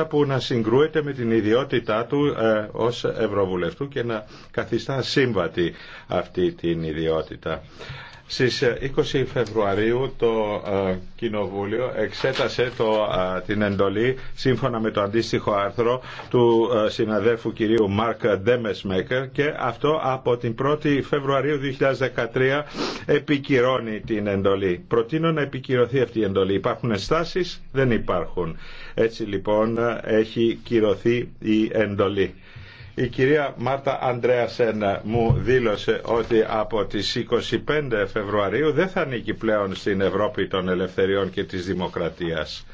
που να συγκρούεται με την ιδιότητά του ε, ως Ευρωβουλευτού και να καθιστά σύμβατη αυτή την ιδιότητα. Στις 20 ε, Φεβρουαρίου το ε, Κοινοβούλιο εξέτασε το, ε, την εντολή σύμφωνα με το αντίστοιχο άρθρο του συναδέλφου κυρίου Μάρκ Ντέμεσμέκερ και αυτό από την 1η Φεβρουαρίου 2013 επικυρώνει την εντολή. Προτείνω να επικυρωθεί αυτή η εντολή. Υπάρχουν ενστάσεις, δεν υπάρχουν. Έτσι λοιπόν έχει κυρωθεί η εντολη υπαρχουν στασεις δεν υπαρχουν ετσι λοιπον εχει κυρωθει η εντολη η κυρία Μάρτα Αντρέασεν μου δήλωσε ότι από τις 25 Φεβρουαρίου δεν θα ανήκει πλέον στην Ευρώπη των Ελευθεριών και της Δημοκρατίας.